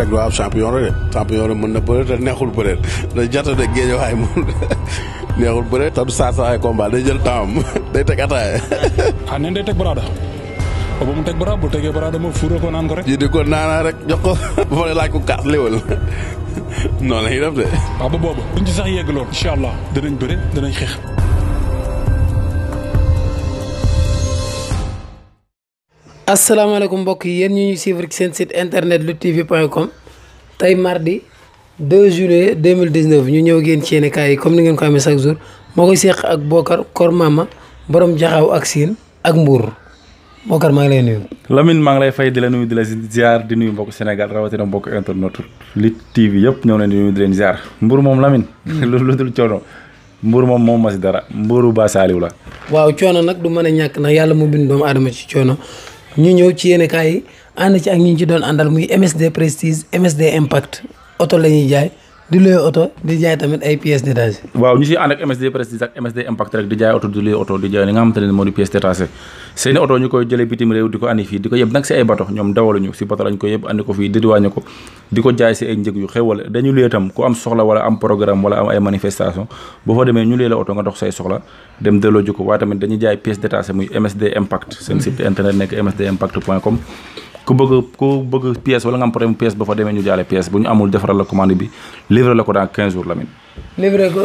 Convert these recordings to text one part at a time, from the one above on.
nag waaw champion la de champion la mën na bëre te neexul bëre da jota de géej waaye moom neexul bëre te du saa saa ay combat day jël temps day teg ataaya. ah neen day teg baraada ba mu teg baraada bu tegee baraada ma fuure ko naan ko rek. ji di ko naanaa rek jox ko bu fa laaj ko kaas léwal noonu la ñuy def de. waaw ba boobu duñ ci sax yegg lool. incha allah danañ bëre xeex. asalaamaaleykum mbokk yi yéen ñu ñu suivre ci seen site internet luttetv.com tey mardi 2 ñu ñëw ak yéen ci yi comme ni ngeen ko amee chaque jour moo koy seeq ak Bokar Kor Mama borom jaxaw ak siin ak mbuur maa ngi lay nuyu. maa ngi lay fay di la nuyu di la ziar di nuyu mbokk Sénégal rawatina mbokk internet Lutte TV yëpp ñëw leen di nuyu di leen moom Lamine. Hmm. lu dul coono mbuur moom moom ma si dara mbuuru baa Saliou la. waaw coono nag du mën a ñàkk ndax yàlla mu bind doomu aadama ci coono. ñu ñëw ci yéenekaay yi ànd ci ak ñi ci doon àndal muy MSD Prestige MSD Impact oto la ñuy jaay di luy oto di jaay tamit ay pièces détachées waaw ñu siy ànd ak MSD Prestige ak MSD di jaay oto di luy oto di jaay li nga xamante ne moo di pièces détachées seeni oto ñu koy jële bitim réew di ko andi fii di ko si ay bato ñoom dawaluñu si bato lañ ko yëb andi fii dédiwaañe ko di ko jaay si ay njëg yu xewal dañu luy tam ku am soxla wala am programme wala am ay manifestation boo fa demee ñu luy la oto nga dox say soxla dem delloo ko waaye tamit dañu jaay pièces détachées muy MSD Impact seen site ku bëgg ku bëgg pièce wala nga am pièce ba fa demee ñu jaale pièce bu ñu amul defaral la commande bi livré la ko dans 15 jours Lamine. livré ko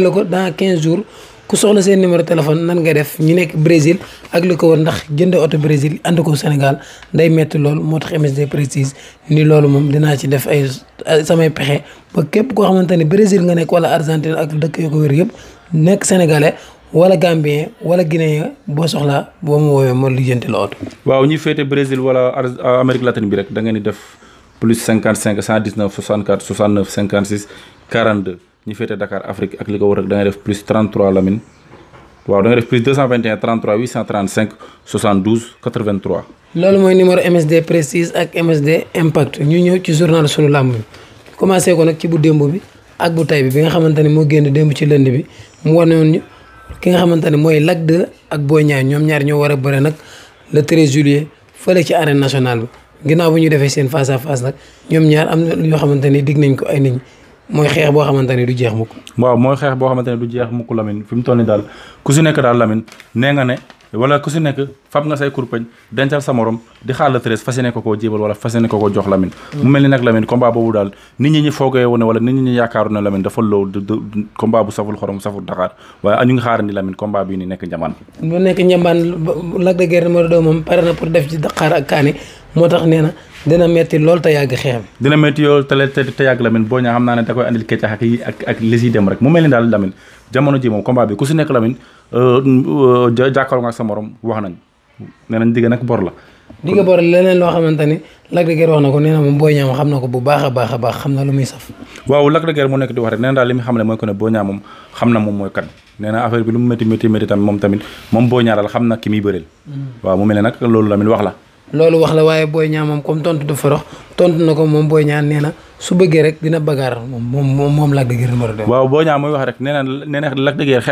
la ko dans 15 jours ku soxla seen numéro téléphone nan nga def ñu nekk Brésil ak li ko war ndax jënd oto Brésil ànd ko Sénégal day metti loolu moo tax MSD Prestige ni loolu moom dinaa ci def ay samay pexe ba képp koo xamante ne Brésil nga nekk wala Argentine ak dëkk yu ko wér yëpp nekk sénégalais. wala Gambien wala Guinéen boo soxlaa boo mu woowee ma lijjanti la oto. waaw ñi féete Brésil wala euh, Amérique latine bi rek da ngeen di def plus 55 119 64 69 56 42 ñi féete Dakar Afrique ak li ko war rek da ngay def plus 33 Lamine waaw da nga def plus 221 33 835 loolu mooy numéro MSD Prestige ak MSD Impact ñu ñëw ci journal sunu làmb bi commencé ko nag ci bu démb bi ak bu tay bi bi nga xamante ne moo génn démb ci lënd bi mu wane woon ki nga xamante ne mooy Lac 2 ak Boy ñoom ñaar ñoo war a bëre nag le 13 juillet fële ci arène nationale bi ginnaaw bu ñu defee seen fas à face nag ñoom ñaar am na yoo xamante ne digg nañ ko ay nit mooy xeex boo xamante ne du jeex mukk waaw mooy xeex boo xamante du jeex mukk Lamine fi mu toll daal ku si nekk daal Lamine nee nga ne wala ku si nekk fab nga say kurpañ dencal sa morom di xaar la treize fas yéene ko koo jébal wala fas yéene ko jox Lamine mm. mu mel ni nag Lamine combat boobu daal nit ñi ñi foogee woon wala nit ñi ñi yaakaaru ne Lamine dafa low combat bu saful xorom saful Dakar waaye añu ngi xaarandi Lamine combat bii ni nekk njambaan moo tax nee na dina metti lool te yàgg xeexam dina metti lool te te yàgg Lamine boo ñaa xam naa ne da koy andil keccax ak yi ak ak rek mu mel ni daal Lamine jamono ji moom combat bi ku si nekk Lamine euh, jàkkaarloo nga ak sa morom wax nañ nee nañ digg nag la digg bor leneen loo ni Lac de Guiers ko nee na moom Boy xam na ko bu baax a baax a na lu muy saf waaw Lac de Guiers mu nekk di wax rek nee daal li mu xam ne mooy ko ne Boy Niang moom xam na moom mooy kan nee na affaire bi lu mu métti métti tamit moom tamit moom Boy Niang daal xam na ki muy bëreel mm. waaw mu mel ne nag loolu la Lamine wax la loolu wax la waaye Boy Niang moom comme tontu du forox tontu na ko moom Boy Niang nee na su bëggee rek dina bagaar moom moom moom Lac de Guiers numéro 2. waaw Boy rek nee na nee na Lac de Guiers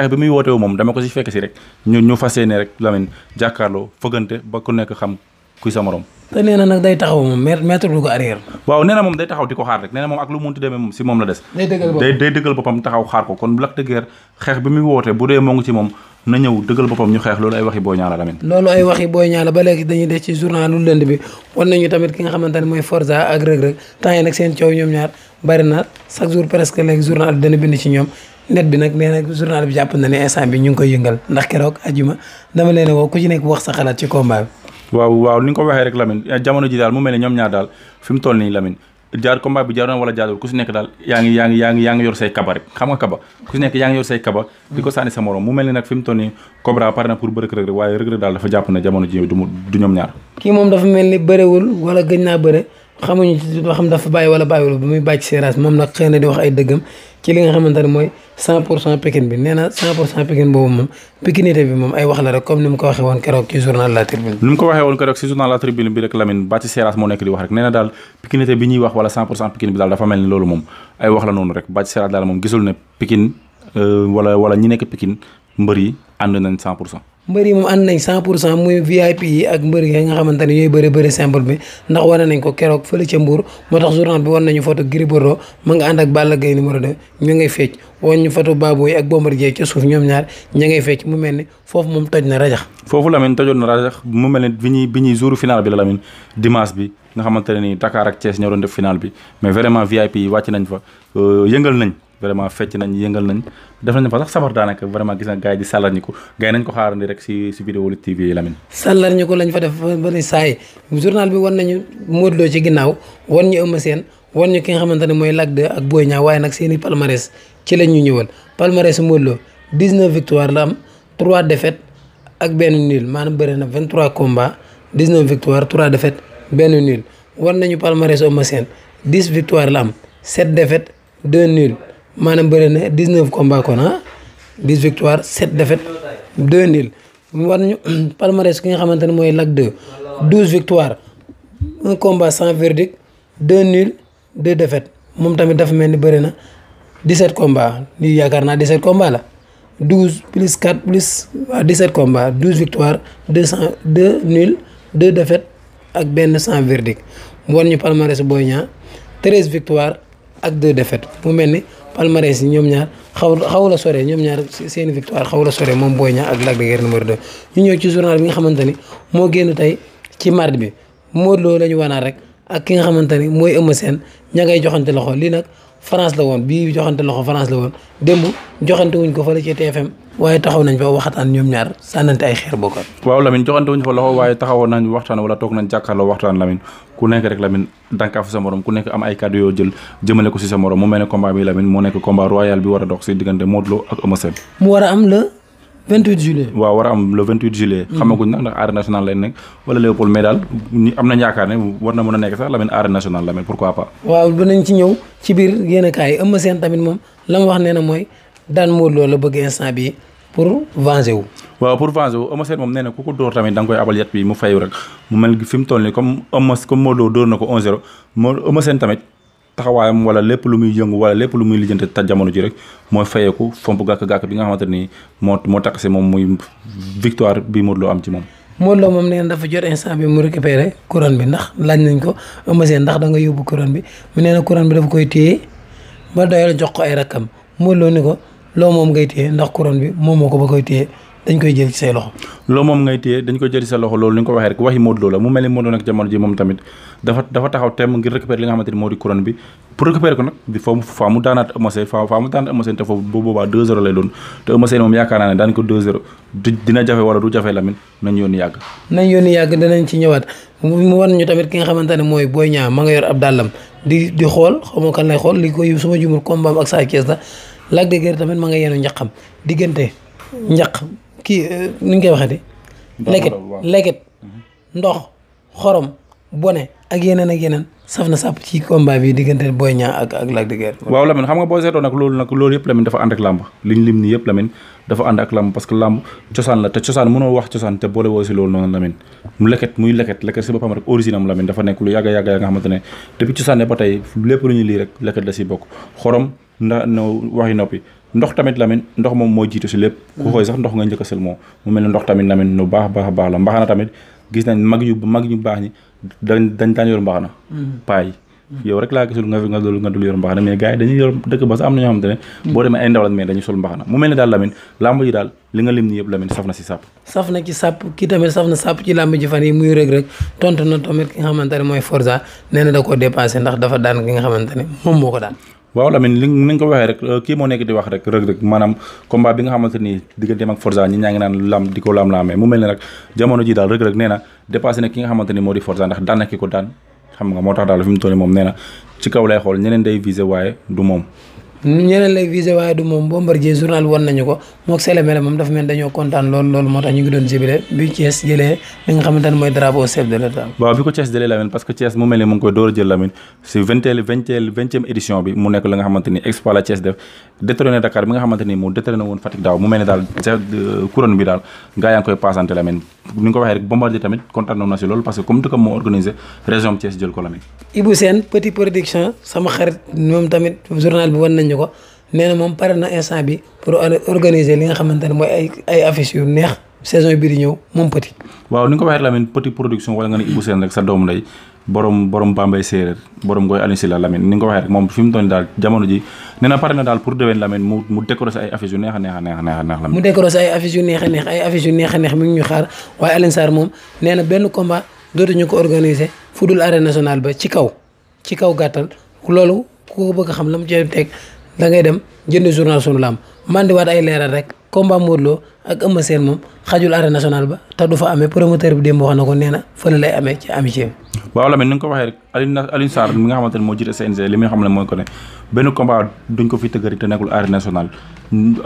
moom dama ko si fekk si rek ñu ñu fas yéene rek Lamine jàkkaarloo fëggante ku nekk xam kuy sa morom. na nag day taxaw moom maître du ko arrière. waaw nee di ko xaar rek nee na moom ak lu munti demee moom si moom la des. day dëggal boppam day taxaw xaar ko kon Lac de xeex bi muy woote bu dee moo ngi ci moom na ñëw dëggal boppam ñu xeex loolu ay waxi Boy Niang la loolu ay waxi Boy Niang ba léegi dañuy des ci journal lu lënd bi wan nañu tamit ki nga xamante ne mooy Forza ak Reug Reug temps yi nag seen coow ñoom ñaar bari na chaque jour presque léegi journal bi dana bind ci ñoom net bi nag nee journal bi jàpp na ne instant bi ñu ngi koy yëngal ndax keroog ajuma dama leen woo ku ci nekk wax sa xalaat ci combat bi waaw waaw ni nga ko waxee rek Lamine jamono ji daal mu toll nii Lamine jaar combat bi jaaroon wala jaarul ku si nekk daal yaa ngi yaa ngi yaa ngi yaa ngi yor say kaba rek xam nga kaba ku si nekk yaa ngi yor say kaba di ko sànni sa morom mu mel ni nag fi mu toll nii Cobra pare na pour bërëk rek waaye rëg rëg daal dafa jàpp ne jamono ji du ñoom ñaar kii moom dafa mel ni bërewul wala gëñ naa bëre xamuñu ba xam dafa bàyyi wala bàyyiwul ba muy bàyyi ci moom nag xëy di wax ay dëggam ci li nga xamante ne mooy cent bi nee na boobu moom pikinité bi moom ay wax la rek comme ni mu ko waxee woon keroog ci journal La Tribune ni mu ko waxee woon keroog ci journal La bi rek Lamine bàyyi ci moo nekk di wax rek nee daal pikinité bi ñuy wax wala cent bi daal dafa mel ni loolu moom ay wax la noonu rek bàyyi ci daal moom gisul ne Pikine euh, yi ànd nañ cent pour mbër yi moom ànd nañ cent pour cent muy VIP yi ak mbër yi nga xamante ne ñooy bëri bëri simple bi ndax wane ko keroog fële ca Mbour moo tax journal bi wan nañu photo Gris Bordeaux ak Balla Gaye numéro 2 ñu ngay fecc wan ñu photo Baboy ak Bombardier ca ñoom ñaar ña ngay fecc mu mel ni foofu moom toj na rajax foofu Lamine tojoon na rajax mu mel ne bi ñuy bi ñuy jour final bi la Lamine dimanche bi nga xamante ne ni Dakar ak Thiès ñoo doon def final bi mais vraiment VIP yi wàcc nañ fa euh, yëngal nañ vraiment fecc nañ yëngal nañ def nañ fa sax sabar daanaka vraiment gis na gars yi di sàllar ko gars yi nañ ko xaarandi rek si si vidéo TV yi Lamine sàllar ko lañ fa def ba ni saay journal bi wan nañu Modou Lo ci ginnaaw wan ñu Eumeu Sène wan ñu ki nga xamante ne mooy Lac 2 ak booy Niang waaye nag seen i palmarès ci lañ ñu ñëwal palmarès Modou Lo 19 victoire la am 3 défaites ak benn nul maanaam bëri na 23 combats 19 victoire 3 défaites benn nul wan nañu palmarès Eumeu Sène 10 victoire la am fet défaites 2 maanaam bëri na 19 combats kon ah 10 victoires 7 défaites 2 nuls mu war ñu ki nga xamante ne mooy Lac 2 12 victoires un combat sans verdict 2 nuls 2 défaites moom tamit dafa mel ni bëri na 17 combats lii yaakaar naa 17 combats la 12 plus 4 plus waaw 17 combats 12 deux cent 2 nuls 2 défaites ak benn sans verdict mu war ñu palmarès Boy Niang 13 victoires ak 2 défaites mu mel ni. palmarès yi ñoom ñaar xaw la sore ñoom ñaar seen victoire xaw la sore moom Boy Niang ak Lac de Guiers numéro 2 ñu ñëw ci journal bi nga xamante moo génn tey ci mardi bi Modou Lo la ñu wanaat rek ak ki nga xamante ni mooy Eumeu seen ña joxante loxo lii nag France la woon bii joxante loxo France la woon démb joxante wuñ ko fële ci TFM waaye taxaw nañ o waxtaan ñoom ñaar sànnante ay xeer bokkoon. waaw Lamine joxante wuñ fa loxo waaye taxawoon nañ waxtaan wala toog nañ jàkkaarloo waxtaan Lamine ku nekk rek Lamine dànkaafu sa morom ku nekk am ay kàddu yoo jël jëmale ko si sa morom mu mel ne combat bi Lamine moo nekk combat royal bi war dox si diggante Modou Lo ak Eumeu Sène. 28 juillet waaw war am le 28 juillet mm. xamaguñ nag ndax arène nationale lay nekk wala Léopold mais daal am nañ yaakaar ne war na mën a nekk sax Lamine arène nationale Lamine pourquoi pas waaw dinañ ci ñëw ci biir yéen kaay yi Eumeu tamit moom la mu wax nee mooy daan Modou Lo la bëgg instant bi pour venger wu waaw pour venger wu Eumeu Sène moom nee ku ko dóor tamit da koy abal yet bi mu fayu rek mu mel fi mu toll nii comme Eumeu comme Modou Lo dóor na ko tamit taxawaayam wala lépp lu muy yëngu wala lépp lu muy lijjante ta jamono ji rek mooy fayeeku fomp gàkk-gàkk bi nga xamante ni moo moo takk si moom muy victoire bi Lo am ci moom Modou Lo moom na dafa jot instant bi mu récupéré couronne bi ndax laaj nañ ko Eumeu ndax da nga yóbbu couronne bi mu nee na couronne bi dafa koy téye ba doyal jox ko ay rakkam Modou Lo ni ko loo moom ngay téye ndax couronne bi moom moo ko ba koy téye dañ koy jël ci say loxo. loolu moom ngay téye dañ koy jël ci sa loxo loolu ni nga ko waxee rek waxi Modou Lo la mu mel ni Modou nag jamono ji moom tamit dafa dafa taxaw temm ngir récupérer li nga xamante ni moo di couronne bi pour récupérer ko nag di faaw faaw mu yoon yàgg nañ yoon yàgg danañ ci ñëwaat mu wan ki nga xamante ne mooy Boy Niang ma nga yor ab dàllam di di xool xamoo kan lay xool li koy suma jumul combat ak Sa Thiès la Lac de tamit ma nga yenu njaqam diggante njaq kii euh, ni ñu koy waxee de leket leket mhm. ndox xorom bone ak yeneen ak yeneen saf na sàpp ci combat bi diggante Boy Niang ak ak Lac de Guiers waaw Lamine xam nga boo seetoo nag loolu nag loolu yëpp Lamine dafa ànd ak làmb liñ lim nii yëpp Lamine dafa ànd ak làmb parce que làmb cosaan la te cosaan mënoo wax cosaan te boole woo si loolu noonu Lamine leket muy leket leket si boppam rek origine am Lamine dafa nekk lu yàgg yàgg nga xamante ne depuis cosaan ba tey lépp lu ñu lii rek leket la si bokk ndox tamit lamin ndox moom moo jiito si lépp ku mm-hmm. koy sax ndox nga njëkk a ndox tamit lamin nu baax baax baax la mbaxana tamit gis nañ mag yu mag ñu baax ñi dañ dañ daan yor mbaxana mm-hmm. paay mm-hmm. yow rek laa gisul nga nga dul nga dul ba sax am boo demee ay ndaw lañ sol mbaxana mu mel ne daal lamin làmb ji daal na si sàpp saf na ci sàpp kii na sàpp ci làmb ji fan yi muy rëg rek tontu na tamit ndax dafa daan ki nga xamante ne moom moo ko daan waaw Lamine li ni nga ko waxee rek euh, kii moo nekk di wax rek rëg-rëg maanaam combat bi nga xamante ni digganteem ak Forza ñi ñaa ngi naan lam di ko lam-laamee mu mel ne nag jamono ji daal rëg-rëg nee na ki nga xamante ni moo di Forza ndax daan na ki ko daan xam nga moo tax daal fi mu toll moom nee na ci kaw lay xool ñeneen day visé waaye du moom ñeneen lay visé waaye du moom Bombardier journal won nañu ko mook selemele moom dafa mel dañoo kontaan lool loolu moo tax ñu ngi doon jibile bi Thiès jëlee li nga xamante mooy drapeau chef de l'État waaw bi ko Thiès jëlee Lamine parce que Thiès mu mel ni mu ngi koy door a jël Lamine si vingtième vingtième édition bi mu nekk la nga xamante ni la Thiès def détrôné Dakar bi nga xamante ni mu détrôné woon Fatick daaw mu mel ni daal euh, ni nga ko waxee rek Bombardier tamit kontaanoon na si loolu parce que comme dëkkam moo organisé région bi Thiès jël ko la mel. Ibou Sène petit production sama xarit moom tamit journal bi wan ko moom pare na instant bi pour li nga xamante ne mooy ay ay affiches yu neex saison bii di ñëw moom petit. waaw ni nga ko waxee Lamine petit production wala nga ne Ibou Sène rek sa doom lay borom borom Bambey séeréer borom Ngoy Aliou Sylla ni nga ko waxee rek moom fi mu daal jamono ji nee na pare na daal pour déwén Lamine mu mu décorer sa ay affiches yu neex a neex a neex a neex. mu décorer sa ay affiches yu neex a neex ay affiches yu neex a neex mi ñu xaar waaye Alioune moom nee benn combat dootuñu ko organiser fu dul arène nationale ba ci kaw ci kaw gàttal loolu ku ko bëgg xam la mu cee teg da ngay dem jënd journal sunu lamb mandiwaat ay leeral rek combat Modou Lo ak Eumeu Sène moom xajul arène nationale ba te du fa amee promoteur bi démb wax na ko nee na fële lay amee ci amitié waaw ko waxee rek Alioune Alioune Sarr mi moo jiite CNG ne mooy ko ne benn combat duñ ko fi tëgëri te nekkul arène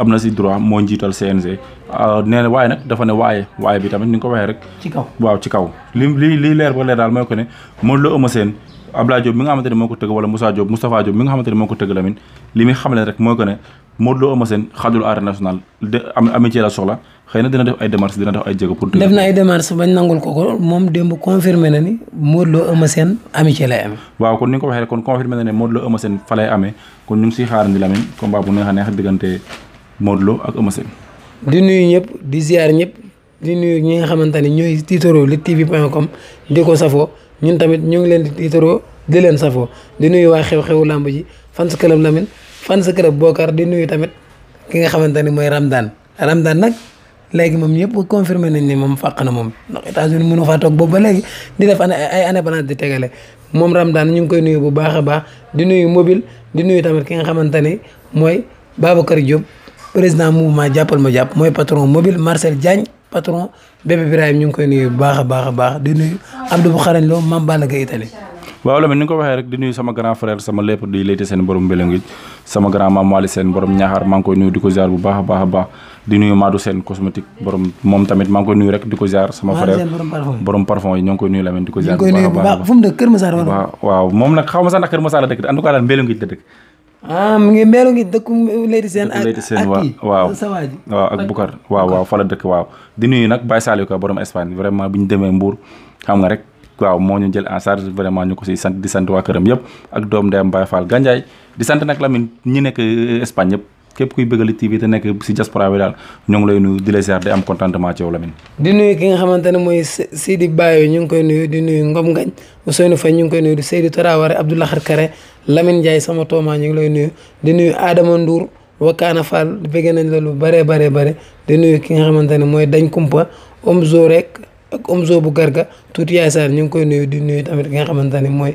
am na si droit moo njiital CNG euh, nee na waaye nag dafa ne waaye waaye bi tamit ni nga ko waxee rek. ci kaw waaw ci kaw li li leer ba leer daal mooy ko ne Modou Lo Eumeu Sène Abdoulaye Diop nga xamante ne moo ko tëgg wala Moussa Diop Moustapha Diop mi nga xamante ne moo ko li xam ne rek mooy ko Modou Lo Eumeu Sène xaajul arène nationale de am amitié la soxla xëy na dina def ay démarches dina def ay jéego pour. na ay démarches bañ nangul ko ko moom démb confirmé na ni Modou Lo Eumeu Sène amitié lay amee. waaw kon ni nga ko waxee kon confirmé na ne Modou Lo Eumeu Sène fa amee kon ñu ngi siy xaarandi Lamine combat bu neex a neex diggante Modou Lo ak Eumeu Sène. di nuyu ñëpp di ziar ñëpp di nuyu ñi nga xamante ne ñooy tiitaroo li TV point com di ko safoo ñun tamit ñu ngi leen di tiitaroo di leen safoo di nuyu waa xew-xewu làmb ji fans club Lamine. fan sa club Bokar di nuyu tamit ki nga xamante ni mooy Ramdan Ramdan nag léegi moom ñëpp confirmé nañ ni moom fàq na moom ndax États-Unis mënu faa toog boobu ba léegi di a ay balaan di tegale moom Ramdan ñu ngi koy nuyu bu baax a baax di nuyu mobile di nuyu tamit ki nga xamante ni mooy Babacar Diop président maa jàppal ma jàpp mooy patron mobile Marcel Diagne patron bébé Birahim ñu ngi koy nuyu bu baax a baax a baax di nuyu Abdou bu xarañ loo Mame Balla Gaye Italie waaw Lamine ni nga ko waxee rek di nuyu sama grand frère sama lépp di layti seen borom mbéléngi sama grand maam Waly seen borom ñaaxaar maa koy nuyu di ko ziar bu baax a baax a baax di nuyu Madou seen cosmétique tamit maa ngi rek di ko ziar sama frère borom parfum yi ñoo ngi koy nuyu Lamine di ko ziar a baax fu mu dëkk Kër Massar waaw waaw moom nag xaw ma sax nag Kër Massar la dëkk en ah, ak Leyti Sène waaw waaw ak dëkk waaw di nuyu nag Baye Saliou Ka borom Espagne vraiment bi ñu demee Mbour xam nga rek waaw moo ñu jël en charge vraiment ñu ko siy sant di sant waa këram yëpp ak doom ndeyam Baye Fall Gandiaye di sant nag Lamine ñi nekk euh, Espagne yëpp képp kuy bëggali TV te nekk si diaspora bi daal ñoo ngi lay nuyu lay ziar di am contentement ci yow Lamine ki nga xamante ne mooy ñu ngi koy nuyu di nuyu Ngom Ngañ Ousseynou Faye ngi koy nuyu di Seydou Traoré Abdoulakhar Kare Lamine Ndiaye sama tooma ñu ngi lay nuyu di nuyu Adama Ndour Wakana Fall bëgg nañ la lu bare bare bare di nuyu ki nga xamante ne mooy dañ kumpa Omzo rek ak Omzo bu Garga tuuti yaay Sarr ñu ngi koy nuyu di nuyu tamit ki nga xamante ne mooy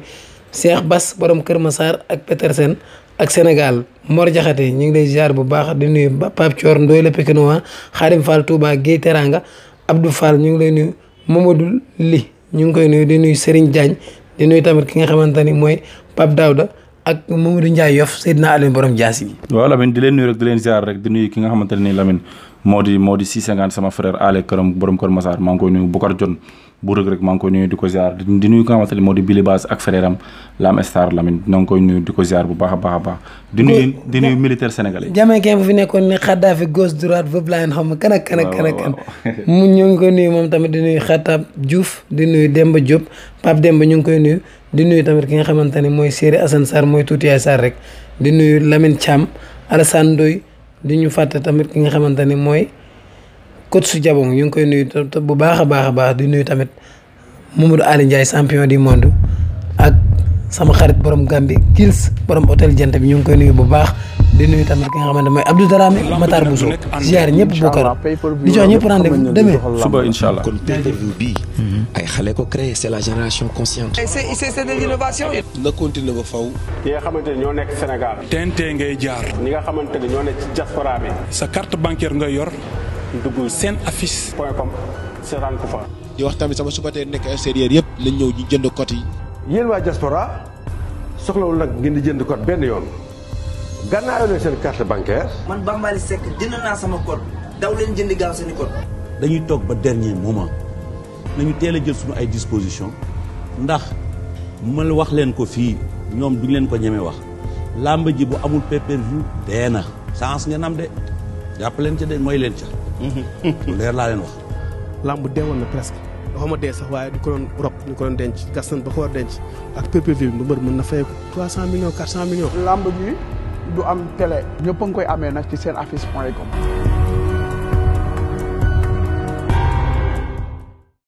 Cheikh Bass borom Kër ma Massar ak Petersen ak Sénégal Mor Jaxate ñu ngi lay ziar bu baax di nuyu Pape Thior Ndoye la Pikinois Xaadim Fall Touba Guèye Teranga Abdou Fall ñu ngi lay nuyu Mamadou Li ñu ngi koy nuyu di nuyu Serigne Diagne di nuyu tamit ki nga xamante ni mooy Pape dawda ak Mamadou Ndiaye Yoff Seydina Aliou borom jaas yi. waaw Lamine di leen nuyu rek di leen ziar rek di nuyu ki nga xamante ne nii Lamine moo di moo di 650 sama frère Allé këram borom kër Massar maa ngi koy nuyu di ko ziar bu baax a baax a baax. di nuyu di nuyu militaire sénégalais. Jamaïcain bu fi nekkoon ni Kadhafi gauche droite boobu laa leen ne kan ak kan mu ñu ngi koy nuyu moom tamit di nuyu Khatab Diouf di nuyu Demba Diop Pape Demba ñu ngi koy nuyu di nuyu tamit ki nga xamante ne mooy Serigne Assane sar mooy tuuti yaay Sarr rek di nuyu lamin Thiam Alassane Ndoye di ñu fàtte tamit ki nga xamante ne mooy coach su jabong ñu ngi koy nuyu bu baax a baax a baax di nuyu tamit Mamadou Ali Ndiaye champion du monde ak sama xarit borom Gambie Gils borom hôtel Jant bi ñu ngi koy nuyu bu baax. di nuyu tamit ki nga xamante mooy Abdou Darame Matar Bousso ziar ñëpp bokkar di jox ñëpp rendez-vous demee suba incha allah kon pay per mhm. ay xale ko créé c'est la génération consciente c'est continuer ba faw xamante ne ñoo nekk Sénégal TNT ngay jaar ñi nga xamante ne ñoo nekk ci diaspora bi sa carte bancaire ngay yor dugg seen affiche point com seetaan di wax tamit sama supporter nekk extérieur yëpp lañ ñëw ñu jënd code yi yéen waa diaspora soxlawul nag ngeen di jënd code benn yoon gannaaw leen seen carte bancaire. man Bambaly Seck dina naa sama code daw leen jëndi gaaw seen i code. dañuy toog ba dernier moment nañu teel a jël suma ay disposition ndax ma wax leen ko fii ñoom duñu leen ko ñeme wax làmb ji bu amul pay-per-view dee na chance ngeen nam de jàpp leen ca de mooy leen ca. lu leer laa leen wax. làmb deewoon na presque. waxuma dee sax waaye du ko doon rob ñu ko doon denc gas nañ ba ko war denc ak PPV bi mbër mën na fay ko du am télé. ñëpp a koy amee nag ci seen affiche point com.